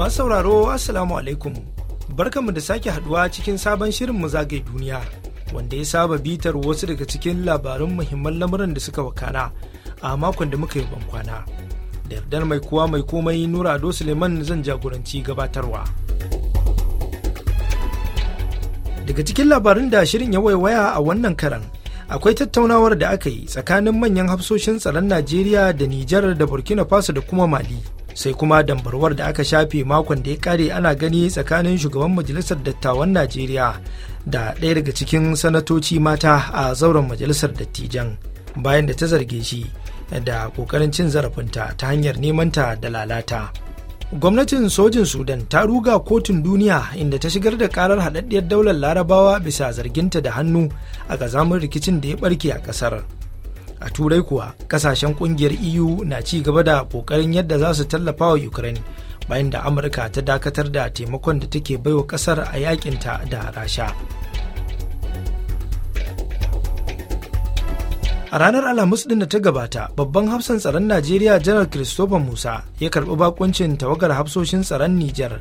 Masu sauraro Assalamu alaikum. Barkanmu da sake haduwa cikin sabon shirin mu zagaye duniya wanda ya saba bitar wasu daga cikin labarun muhimman lamuran da suka wakana a makon da muka yi bankwana. Da yardar mai kuwa mai komai Nura Ado Suleiman zan jagoranci gabatarwa. Daga cikin labarin da shirin ya waiwaya a wannan karan akwai tattaunawar da aka yi tsakanin manyan hafsoshin tsaron Najeriya da Nijar da Burkina Faso da kuma Mali. sai kuma dambarwar da aka shafe makon da ya kare ana gani tsakanin shugaban majalisar dattawan najeriya da ɗaya daga cikin sanatoci mata a zauren majalisar dattijan bayan da ta zarge shi da ƙoƙarin cin zarafinta ta hanyar nemanta da lalata gwamnatin sojin sudan ta ruga kotun duniya inda ta shigar da karar haɗaɗɗiyar daular larabawa bisa zarginta da hannu a ƙazamin rikicin da ya ɓarke a ƙasar a turai kuwa kasashen kungiyar eu na ci gaba da kokarin yadda za su tallafa wa ukraine bayan da amurka ta dakatar da taimakon da take baiwa kasar a yakinta da rasha a ranar alhamis din da ta gabata babban hafsan tsaron najeriya janar christopher musa ya karbi bakuncin tawagar hafsoshin tsaron niger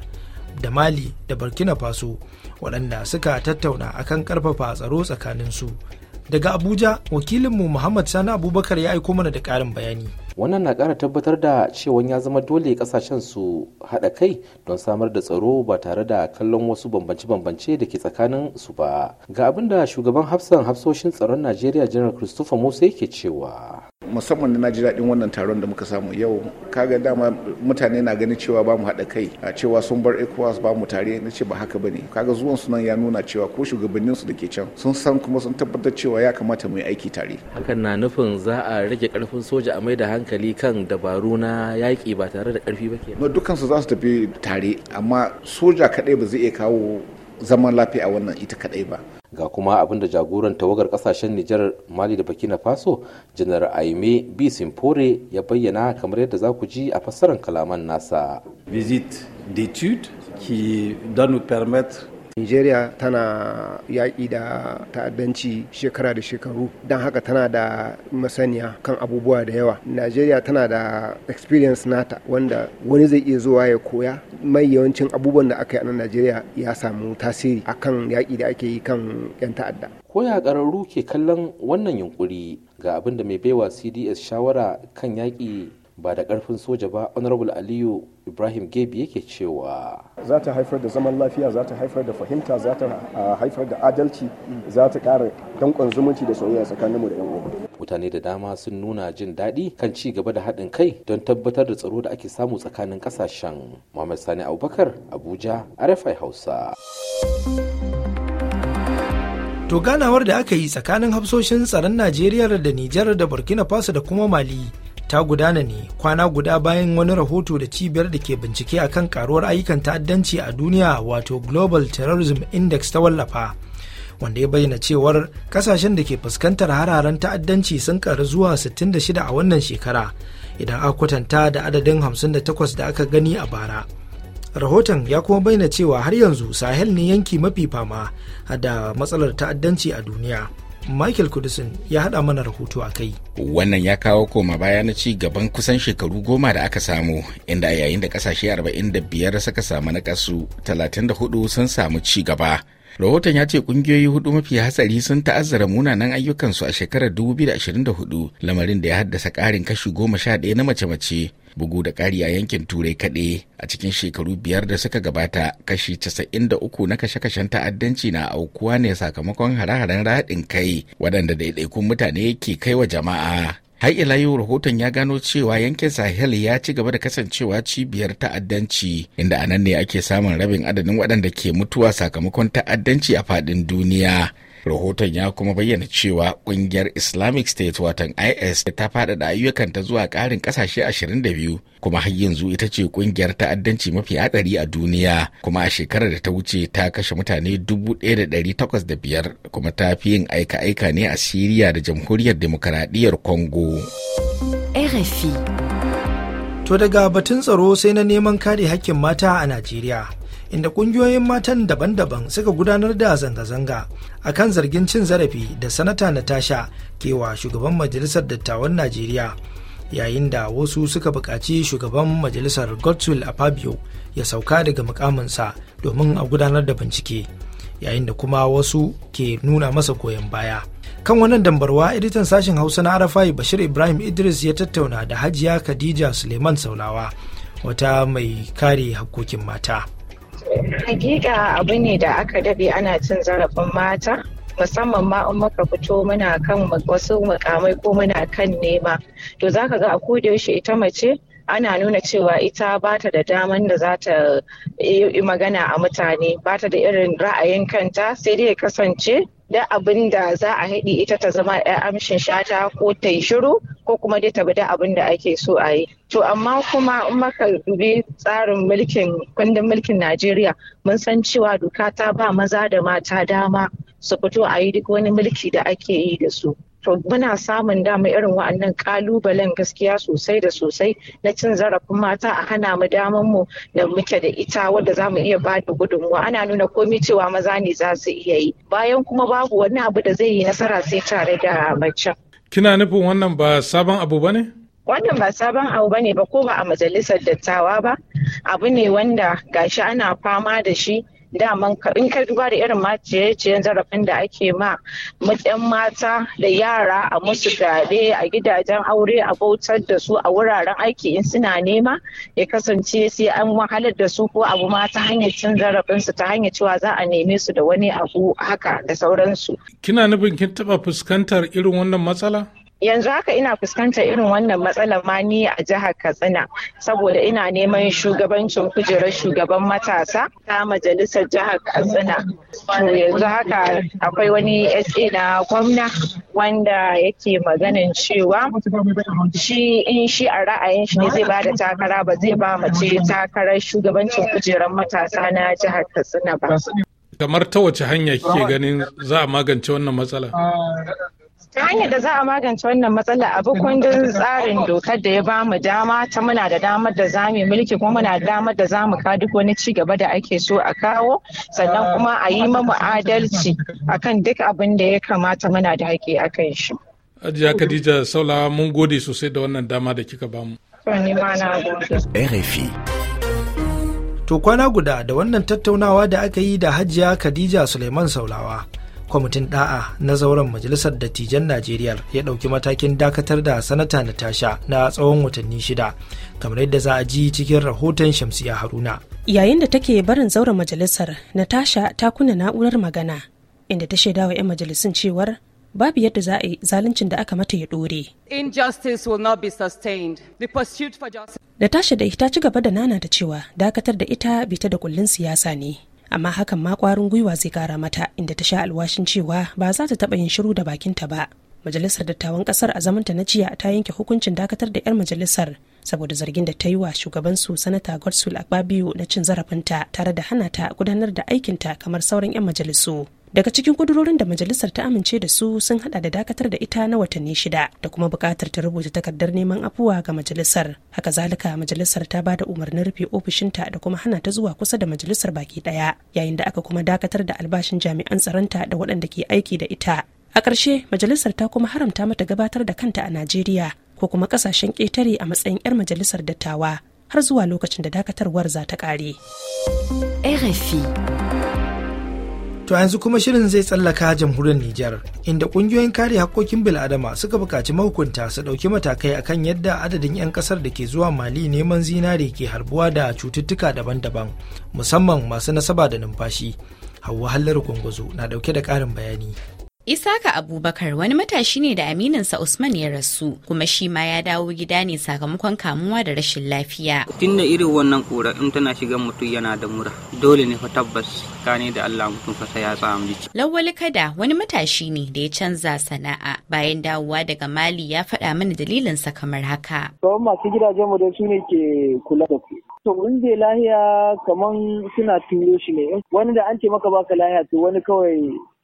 da mali da burkina faso waɗanda suka tattauna akan karfafa tsaro tsakaninsu su Daga Abuja, wakilinmu Muhammad Sani Abubakar ya aiko mana da karin bayani. Wannan na kara tabbatar da cewa ya zama dole kasashen su haɗa kai don samar da tsaro ba tare da kallon wasu bambance-bambance da ke tsakanin su ba. Ga abin da shugaban hafsan hafsoshin tsaron Najeriya Janar Christopher Musa yake cewa. musamman na ji daɗin wannan taron da muka samu yau kaga dama mutane na ganin cewa ba mu haɗa kai a cewa sun bar ecowas ba mu tare na ce ba haka ba ne kaga zuwan su nan ya nuna cewa ko shugabannin su da ke can sun san kuma sun tabbatar cewa ya kamata mu yi aiki tare hakan na nufin za a rage karfin soja a mai da hankali kan dabaru na yaƙi ba tare da ƙarfi ba ke dukkan su za su tafi tare amma soja kaɗai ba zai iya kawo zaman lafiya a wannan ita kaɗai ba ga kuma abinda jagoran tawagar kasashen Nijar Mali da Burkina Faso janar Aime B Simpore ya bayyana kamar yadda za ku ji a fassarar kalaman nasa. Visit d'étude qui doit nous permettre Nigeria tana yaƙi da ta'addanci shekara da shekaru don haka tana da masaniya kan abubuwa da yawa. Nigeria tana da experience nata wanda wani zai iya zuwa ya koya mai yawancin abubuwan da aka yi a nan Najeriya ya samu tasiri akan yaƙi da ake yi kan 'yan ta'adda. koya ƙararru ke kallon wannan yunƙuri ga abin da mai baiwa CDS shawara kan yaƙi ba da karfin soja ba honorable aliyu ibrahim gebi yake cewa za ta haifar da zaman lafiya za ta haifar da fahimta za ta haifar da adalci za ta kara dankon zumunci da soyayya tsakaninmu da yan uwa mutane da dama sun nuna jin daɗi kan ci gaba da haɗin kai don tabbatar da tsaro da ake samu tsakanin ƙasashen muhammad sani abubakar abuja rfi hausa to ganawar da aka yi tsakanin hafsoshin tsaron najeriya da nijar da burkina faso da kuma mali ta gudana ne kwana guda bayan wani rahoto da cibiyar da ke bincike a kan karuwar ayyukan ta'addanci a duniya wato global terrorism index ta wallafa wanda ya bayyana cewar kasashen da ke fuskantar hararen ta'addanci sun karu zuwa 66 a wannan shekara idan aka kwatanta da adadin 58 da aka gani a bara rahoton ya kuma bayyana cewa har yanzu sahel ne yanki mafi fama da matsalar ta'addanci a duniya Michael Kudisin ya haɗa mana rahoto a kai. Wannan ya kawo koma baya na ci gaban kusan shekaru goma da aka samu, inda yayin da ƙasashe 45 suka samu na kasu 34 sun samu ci gaba. Rahoton ya ce kungiyoyi hudu mafi hatsari sun ta'azzara munanan ayyukansu a shekarar 2024 lamarin da ya haddasa ƙarin kashi goma sha ɗaya na mace-mace bugu da ƙari a yankin turai kaɗe. a cikin shekaru biyar da suka gabata kashi 93 na kashe-kashen ta'addanci na aukuwa ne sakamakon hare-haren raɗin kai waɗanda daidaikun mutane ke kai wa jama'a har ila yau rahoton ya gano cewa yankin sahel ya ci gaba da kasancewa cibiyar ta'addanci inda a nan ne ake samun rabin adadin waɗanda ke mutuwa sakamakon ta'addanci a faɗin duniya rahoton ya kuma bayyana cewa kungiyar islamic state watan is ta faɗaɗa ayyukanta zuwa ƙarin ƙasashe 22 kuma har yanzu ita ce kungiyar ta'addanci mafi hatsari a duniya kuma a shekarar da ta wuce ta kashe mutane 1,805 kuma ta fi yin aika-aika ne a siriya da jamhuriyar demokaradiyyar congo to daga batun tsaro sai na neman kare hakkin mata a najeriya inda kungiyoyin matan daban-daban suka gudanar da zanga-zanga a kan zargin cin zarafi da sanata natasha kewa shugaban majalisar dattawan najeriya yayin da wasu suka buƙaci shugaban majalisar godswill a fabio ya sauka daga mukaminsa domin a gudanar da bincike yayin da kuma wasu ke nuna masa goyon baya kan wannan dambarwa editan sashen hausa na arafai bashir ibrahim idris ya tattauna da hajiya khadija suleiman saulawa wata mai kare hakkokin mata Hakika abu ne da aka daɗe ana cin zarafin mata musamman ma in muka fito muna kan wasu mukamai ko muna kan nema to za ka ga a yaushe ita mace ana nuna cewa ita ba ta da daman da za ta yi magana a mutane ba ta da irin ra'ayin kanta sai dai kasance da abin da za a haɗi ita ta zama ɗaya amshin shata ko ta yi shiru ko kuma dai ta bi da abin da ake so a yi. To amma kuma in maka dubi tsarin mulkin kundin mulkin Najeriya mun san cewa doka ta ba maza da mata dama su fito a yi duk wani mulki da ake yi da su. to muna samun dama irin wa'annan kalubalen gaskiya sosai da sosai na cin zarafin mata a hana mu daman mu da muke da ita wadda za mu iya ba da gudunmu ana nuna komi cewa maza ne za su iya yi bayan kuma babu wani abu da zai yi nasara sai tare da mace. kina nufin wannan ba sabon abu ba ne? wannan ba sabon abu ba ne ba ko ba a majalisar dattawa ba abu ne wanda gashi ana fama da shi daman in ka duba da irin ma zarafin da ake ma yan mata da yara a musu fyaɗe a gidajen aure a bautar da su a wuraren aiki in suna nema ya kasance sai an wahalar da su ko abu ma ta hanyar cin zarafin su ta hanyar cewa za a neme su da wani abu haka da sauransu. Kina nufin kin taɓa fuskantar irin wannan matsala? yanzu haka ina fuskantar irin wannan matsala ma ni a jihar katsina saboda ina neman shugabancin kujerar shugaban matasa ta majalisar jihar katsina to yanzu haka akwai wani sa na gwamna wanda yake maganin cewa shi in shi a ra'ayin shi ne zai ba da takara ba zai ba mace takarar shugabancin kujerar matasa na jihar katsina ba kamar ta wace hanya kike ganin za a magance wannan matsala ta hanyar da za a magance wannan matsala a kundin tsarin dokar da ya ba mu dama ta muna da damar da za mu mulki kuma muna da damar da za mu ka duk wani ci gaba da ake so a kawo sannan kuma a yi mamu adalci akan duk abin da ya kamata muna da haƙƙi a kan shi. Ajiya Khadija Saula mun gode sosai da wannan dama da kika bamu. RFI. To kwana guda da wannan tattaunawa da aka yi da Hajiya Khadija Suleiman Saulawa. kwamitin da'a na zauren majalisar dattijan najeriya ya ɗauki matakin dakatar da sanata natasha na tsawon watanni shida kamar yadda za a ji cikin rahoton shamsiya haruna yayin da take barin zauren majalisar natasha ta kunna na'urar magana inda ta shaida wa 'yan majalisun cewar babu yadda za a yi zaluncin da aka mata ya dore. Natasha da ita ci gaba da nana ta cewa dakatar da ita bita da kullun siyasa ne amma hakan ma kwarin gwiwa zai kara mata inda ta sha alwashin cewa ba za ta taɓa yin shiru da bakinta ba majalisar dattawan kasar a zamanta na jiya ta yanke hukuncin dakatar da 'yar majalisar saboda zargin da ta yi wa shugabansu sanata godsul akpabio na cin zarafinta tare da hana ta gudanar da aikinta kamar sauran 'yan majalisu daga cikin kudurorin da majalisar ta amince da su sun hada da dakatar da ita na watanni shida da kuma bukatar ta rubuta takardar neman afuwa ga majalisar haka zalika majalisar ta ba da umarnin rufe ofishinta da kuma hana ta zuwa kusa da majalisar baki daya yayin da aka kuma dakatar da albashin jami'an tsaronta da waɗanda ke aiki da ita a ƙarshe majalisar ta kuma haramta mata gabatar da kanta a najeriya ko kuma ƙasashen ƙetare a matsayin 'yar majalisar dattawa har zuwa lokacin da dakatarwar za ta ƙare. RFI To yanzu kuma shirin zai tsallaka jamhuriyar Nijar, inda ƙungiyoyin kare haƙƙoƙin bil'adama suka buƙaci mahukunta su ɗauki matakai akan yadda adadin 'yan ƙasar da ke zuwa Mali neman zinare ke harbuwa da cututtuka daban-daban, musamman masu nasaba da numfashi. Hauwa Hallar Gwangwazo na ɗauke da ƙarin bayani. Isaka Abubakar wani matashi ne da amininsa Usman ya rasu kuma shi ma ya dawo gida ne sakamakon kamuwa da rashin lafiya. Tunda irin wannan kura in tana shiga mutum yana da mura dole ne fa tabbas kane da Allah mutum fa ya tsamu jiki. Lawali Kada wani matashi ne da ya canza sana'a bayan dawowa daga Mali ya faɗa mana sa kamar haka. Kawai masu gidajen mu da su ne ke kula da ku. to in bai lahiya kaman suna turo shi ne wani da an ce maka baka lahiya to wani kawai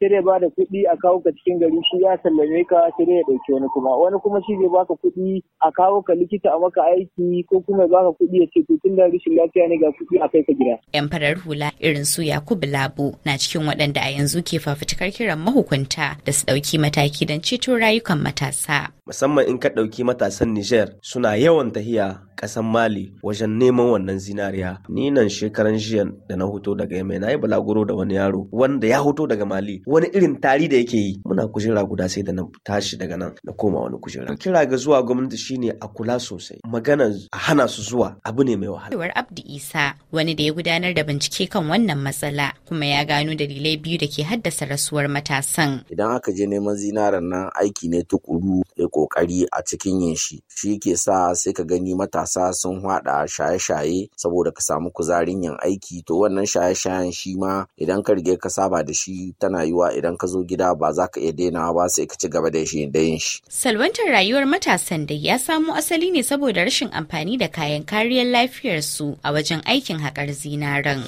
sai dai bada kuɗi a kawo ka cikin gari shi ya sallame ka sai dai ya ɗauki wani kuma wani kuma shi zai baka kuɗi a kawo ka likita a maka aiki ko kuma ya baka kuɗi ya ce to tun da rashin lafiya ne ga kuɗi a kai ka gida. yan farar hula irin su yakubu labu na cikin waɗanda a yanzu ke fafutukar kiran mahukunta da su ɗauki mataki don ceto rayukan matasa. musamman in ka ɗauki matasan niger suna yawan tahiya kasan mali wajen neman wannan zinariya ni nan shekaran jiya da na hoto daga yamai na yi balaguro da wani yaro wanda ya hoto daga mali wani irin tari da yake yi muna kujera guda sai da na tashi daga nan na koma wani kujera kira ga zuwa gwamnati shine a kula sosai magana a hana su zuwa abu ne mai wahala abdi isa wani da ya gudanar da bincike kan wannan matsala kuma ya gano dalilai biyu da ke haddasa rasuwar matasan idan aka je neman zinaren nan aiki ne tukuru ya kokari a cikin yin shi shi ke sa sai ka gani matasa matasa sun haɗa shaye-shaye saboda ka samu kuzarin yin aiki to wannan shaye-shayen shi ma idan ka rige ka saba da shi tana yiwa idan ka zo gida ba za ka iya daina ba sai ka ci gaba da shi da yin shi. Salwantar rayuwar matasan da ya samo asali ne saboda rashin amfani da kayan kariyar lafiyarsu a wajen aikin haƙar zinaren.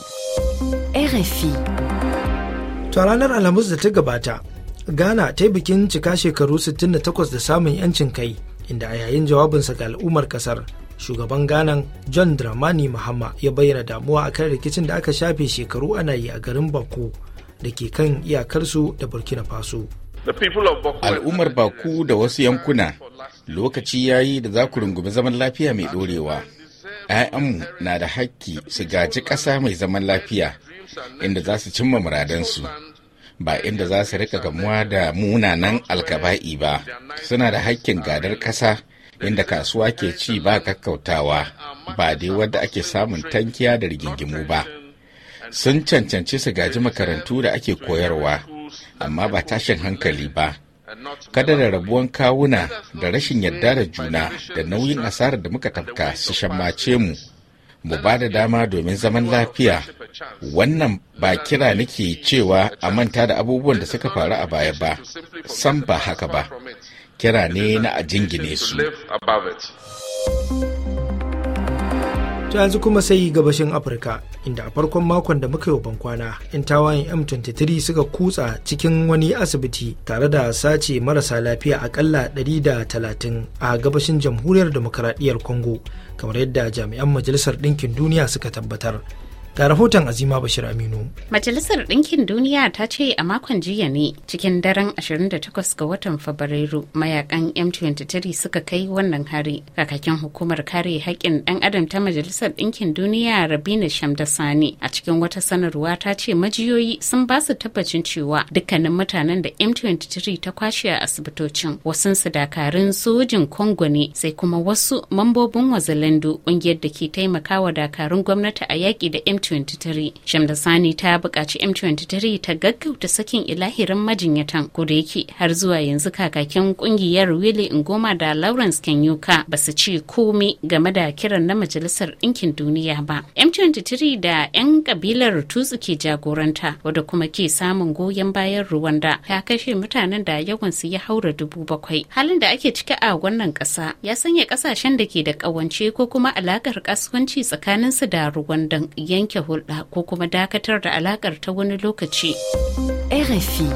RFI To ranar Alhamis da ta gabata, Ghana ta yi bikin cika shekaru 68 da samun 'yancin kai, inda a yayin jawabinsa ga al'ummar kasar, shugaban ghana john dramani mahama ya bayyana damuwa akan rikicin da aka shafe shekaru ana yi a garin baku da ke kan iyakarsu da burkina faso al'ummar baku da wasu yankuna lokaci ya yi da za ku rungumi zaman lafiya mai dorewa 'ya'yanmu na da hakki su gaji ƙasa mai zaman lafiya inda za su cimma muradansu ba inda za su rika gamuwa da munanan alkaba'i ba suna da hakkin gadar ƙasa inda kasuwa ke ci ba kakkautawa ba dai wadda ake samun tankiya da rigingimu ba sun cancanci su gaji makarantu da ake koyarwa amma ba tashin hankali ba kada da rabuwan kawuna da rashin yarda da juna da nauyin asarar da muka tafka su shammace mu mu ba da dama domin zaman lafiya wannan ba kira nake cewa a manta da abubuwan da suka faru a baya ba san ba haka ba kira ne na a jingine su ta yanzu kuma sai gabashin afirka inda a farkon makon da muka yi kwana 'yan tawayen m23 suka kutsa cikin wani asibiti tare da sace marasa lafiya akalla 130 a gabashin jamhuriyar demokaradiyyar congo kamar yadda jami'an majalisar ɗinkin duniya suka tabbatar Ga rahoton Azima Bashir Aminu. Majalisar Ɗinkin Duniya ta ce a makon jiya ne cikin daren 28 ga watan Fabrairu mayakan M23 suka kai wannan hari. Kakakin hukumar kare haƙƙin ɗan adam ta Majalisar Ɗinkin Duniya Rabina Sani. a cikin wata sanarwa ta ce majiyoyi sun ba su tabbacin cewa dukkanin mutanen da M23 ta kwashe a asibitocin Wasu su dakarun sojin Congo ne sai kuma wasu mambobin wazalendu ƙungiyar da ke taimakawa dakarun gwamnati a yaƙi da M23 M23. Shamda Sani ta buƙaci M23 ta gaggauta sakin ilahirin majinyatan ko da har zuwa yanzu kakakin kungiyar Willy Ngoma da Lawrence Kenyuka ba su ce komi game da kiran na Majalisar Ɗinkin Duniya ba. M23 da 'yan kabilar Tutsi ke jagoranta wadda kuma ke samun goyon bayan Rwanda ta kashe mutanen da yawan su ya haura dubu bakwai. Halin da ake ciki a wannan ƙasa ya sanya ƙasashen da ke da ƙawance ko kuma alaƙar kasuwanci tsakaninsu da Rwandan yankin yanke hulɗa ko kuma dakatar da alakar ta wani lokaci. RFI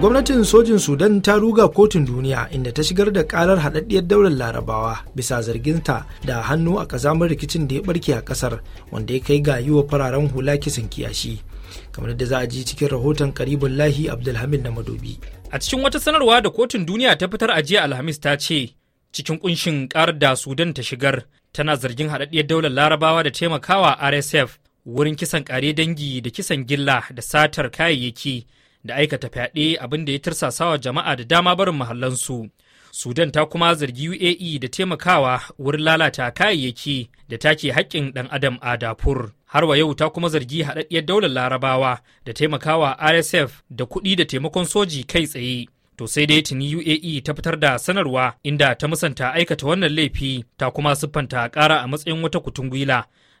Gwamnatin sojin Sudan ta ruga kotun duniya inda ta shigar da karar haɗaɗɗiyar daular larabawa bisa zarginta da hannu a kazamar rikicin da ya barke a ƙasar wanda ya kai ga yi wa fararen hula kisan kiyashi. kamar da za a ji cikin rahoton karibin lahi abdulhamid na madobi a cikin wata sanarwa da kotun duniya ta fitar a jiya alhamis ta ce cikin kunshin karar da sudan ta shigar tana zargin haɗaɗɗiyar daular larabawa da taimakawa rsf wurin kisan kare dangi da kisan gilla da satar kayayyaki da aikata fyaɗe abin da ya tirsasawa jama'a da dama barin mahallansu sudan ta kuma zargi uae da taimakawa wurin lalata kayayyaki da take haƙƙin ɗan adam a dafur har wa yau ta kuma zargi haɗaɗɗiyar daular larabawa da taimakawa rsf da kuɗi da taimakon soji kai tsaye To sai dai tuni UAE ta fitar da sanarwa inda ta musanta aikata wannan laifi ta kuma siffanta kara a matsayin wata kutungwila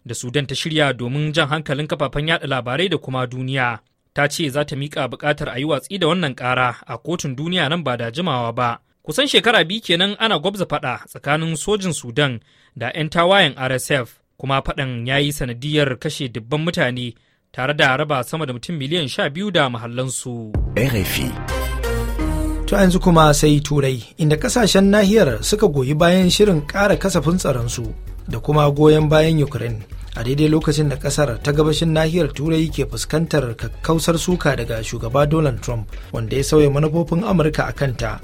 da Sudan ta shirya domin jan hankalin kafafen yada labarai da kuma duniya. Ta ce za ta miƙa buƙatar a yi watsi da wannan ƙara a kotun duniya nan ba da jimawa ba. Kusan shekara biyu kenan ana gwabza faɗa tsakanin sojin Sudan da 'yan tawayen RSF kuma faɗan ya yi sanadiyar kashe dubban mutane tare da raba sama da mutum miliyan sha biyu da mahallansu. RFI To yanzu kuma sai turai inda kasashen nahiyar suka goyi bayan shirin kara kasafin tsaronsu da kuma goyon bayan Ukraine a daidai lokacin da kasar ta gabashin nahiyar turai ke fuskantar kakkausar suka daga shugaba Donald Trump wanda ya sauya manufofin Amurka a kanta.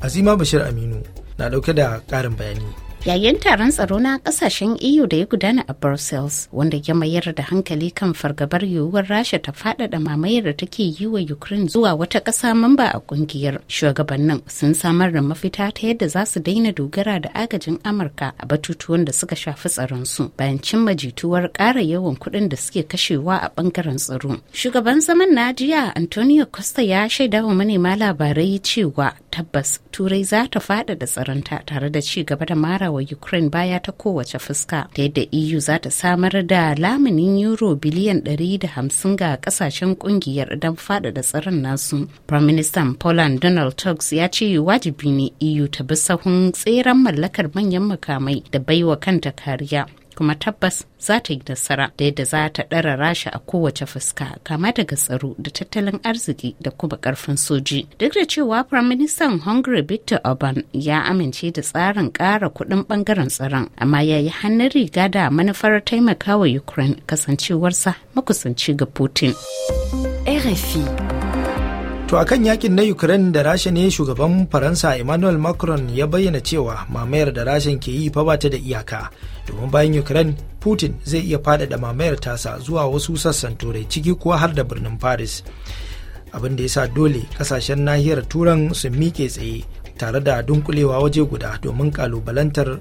Azima Bashir Aminu na dauke da karin bayani. yayin taron tsaro na kasashen eu da ya gudana a brussels wanda ya mayar da hankali kan fargabar yiwuwar rasha ta faɗaɗa mamayar da take yi wa ukraine zuwa wata ƙasa mamba a ƙungiyar shugabannin sun samar da mafita ta yadda za su daina dogara da agajin amurka a batutuwan da suka shafi tsaron su bayan cimma jituwar ƙara yawan kuɗin da suke kashewa a ɓangaren tsaro shugaban zaman na jiya antonio costa ya shaida wa manema labarai cewa tabbas turai za ta faɗaɗa tsaronta tare da ci gaba da mara wa Ukraine baya ta kowace fuska da yadda EU za ta samar da lamunin euro biliyan 150 ga kasashen kungiyar don faɗaɗa tsaron nasu. Prime Minister Poland Donald Tusk ya ce wajibi ne EU ta bi sahun tseren mallakar manyan makamai da baiwa kanta kariya. kuma tabbas za ta yi nasara da yadda za ta ɗara rasha a kowace fuska kama daga tsaro da tattalin arziki da kuma ƙarfin soji duk da cewa firaministan hungary victor orban ya amince da tsarin ƙara kuɗin ɓangaren tsaron amma ya yi hannun riga da manufar taimakawa ukraine kasancewarsa makusanci ga putin rfi To a kan yakin na Ukraine da Rasha ne shugaban Faransa Emmanuel Macron ya bayyana cewa mamayar da Rasha ke yi fa ta da iyaka. Domin bayan Ukraine, Putin zai iya faɗaɗa mamayar tasa zuwa wasu sassan turai ciki kuwa har da birnin Paris. Abin da ya sa dole kasashen nahiyar turan su miƙe tsaye tare da dunkulewa waje guda domin kalubalantar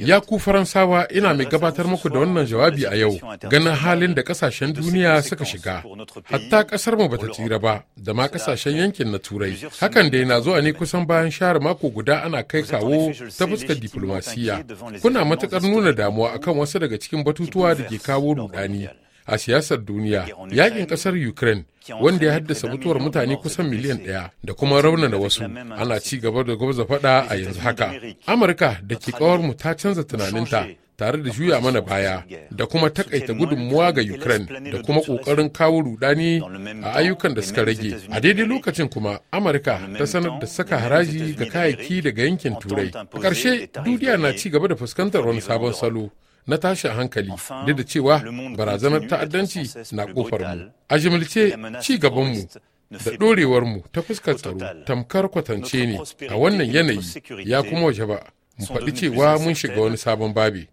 Ya ku Faransawa ina mai gabatar muku da wannan jawabi a yau ganin halin da kasashen duniya suka shiga. Hatta kasar mu bata tsira ba da ma kasashen yankin na Turai. Hakan dai na zuwa ne kusan bayan share mako guda ana kai kawo ta fuskar diplomasiya. Kuna matukar nuna damuwa akan wasu daga cikin batutuwa da ke kawo rudani. a siyasar duniya yakin kasar ukraine wanda ya haddasa mutuwar mutane kusan miliyan ɗaya da kuma raunana wasu ana ci gaba da gwamza faɗa a yanzu haka amurka da ke mu ta canza tunaninta tare da juya mana baya da kuma takaita gudunmuwa ga ukraine da kuma ƙoƙarin kawo rudani a ayyukan da suka rage a daidai lokacin kuma amurka ta sanar da saka haraji ga kayayyaki daga yankin turai a ƙarshe duniya na ci gaba da fuskantar wani sabon salo na tashi a hankali duk da cewa barazanar ta'addanci na ƙofarmu mu a jimilce ci gaban mu da ɗorewarmu ta fuskar tsaro tamkar kwatance ne a wannan yanayi ya kuma waje ba mu faɗi cewa mun shiga wani sabon babi.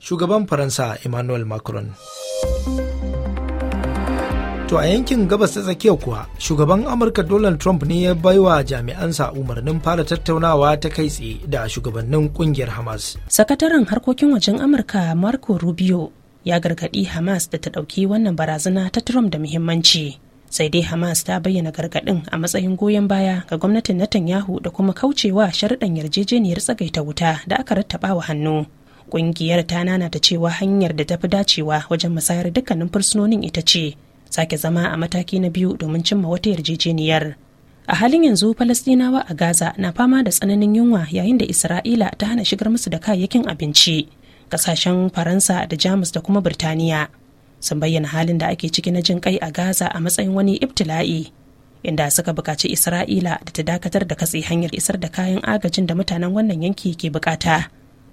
Shugaban Faransa Emmanuel Macron. To a yankin gabas ta tsakiya kuwa shugaban Amurka Donald Trump ne ya baiwa jami'ansa umarnin fara tattaunawa ta kai tsaye da shugabannin kungiyar Hamas. Sakataren harkokin wajen Amurka Marco Rubio ya gargaɗi Hamas da ta ɗauki wannan barazana ta Trump da muhimmanci. Sai dai Hamas ta bayyana gargaɗin a matsayin goyon baya ga gwamnatin Netanyahu da kuma kaucewa sharuɗan yarjejeniyar tsagaita wuta da aka rattaba hannu. Ƙungiyar ta nana ta cewa hanyar da ta fi dacewa wajen musayar dukkanin fursunonin ita ce sake zama a mataki na biyu domin cimma wata yarjejeniyar a halin yanzu falastinawa a gaza na fama da tsananin yunwa yayin da isra'ila ta hana shigar musu da kayayyakin abinci kasashen faransa da jamus da kuma birtaniya sun bayyana halin da ake ciki na jin kai a gaza a matsayin wani ibtila'i inda suka buƙaci isra'ila da ta dakatar da katse hanyar isar da kayan agajin da mutanen wannan yanki ke bukata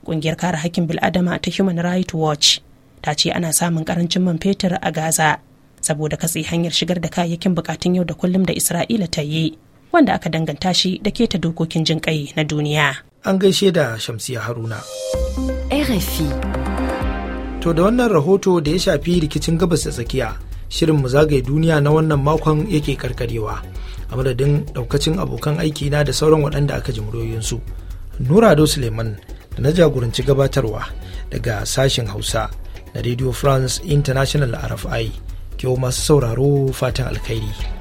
ƙungiyar kare hakkin bil'adama ta human rights watch ta ce ana samun ƙarancin man fetur a gaza saboda katse hanyar shigar da kayayyakin bukatun yau da kullum da Isra'ila ta yi wanda aka danganta shi da keta dokokin jin kai na duniya. An gaishe da Shamsiya Haruna. RFI. To da wannan rahoto da ya shafi rikicin gabas da tsakiya, shirin mu zagaye duniya na wannan makon yake karkarewa. A madadin daukacin abokan aiki na da sauran waɗanda aka ji muryoyinsu. Nura Ado Suleiman da na jagoranci gabatarwa daga sashen Hausa na Radio France International RFI. yau masu sauraro fatan alkhairi.